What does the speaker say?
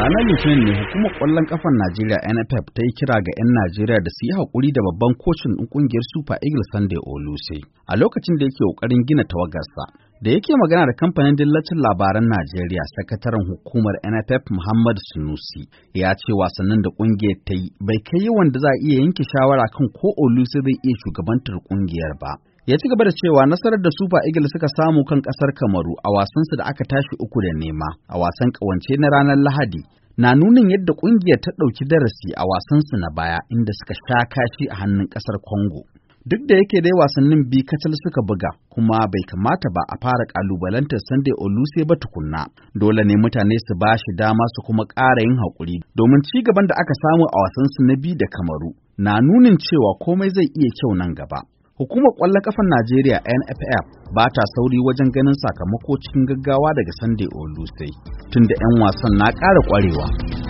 ranar litinin ne hukumar kwallon kafan najeriya nff ta yi kira ga 'yan najeriya da su yi haƙuri da babban kocin ɗin ƙungiyar super eagles sunday oluse a lokacin da yake ƙoƙarin gina tawagarsa da yake magana da kamfanin dillacin labaran najeriya sakataren hukumar nff muhammad sunusi ya ce wasannin da ƙungiyar ta yi bai kai yawan da za a iya yanke shawara kan ko oluse zai iya shugabantar ƙungiyar ba ya ci gaba da cewa nasarar da Super Eagles suka samu kan ƙasar Kamaru a wasansu da aka tashi uku da nema a wasan ƙawance na ranar Lahadi na nunin yadda ƙungiyar ta ɗauki darasi a wasansu na baya inda suka sha kashi a hannun ƙasar Congo. Duk da yake dai wasannin bi kacal suka buga kuma bai kamata ba a fara ƙalubalantar Sunday Oluse ba tukunna. Dole ne mutane su ba shi dama su kuma ƙara yin haƙuri domin ci gaban da aka samu a wasansu na bi da Kamaru na nunin cewa komai zai iya kyau nan gaba. Hukumar ƙwallon ƙafar Najeriya NFF ba ta sauri wajen ganin sakamako cikin gaggawa daga Sunday Olusai, tunda 'yan wasan na ƙara ƙwarewa.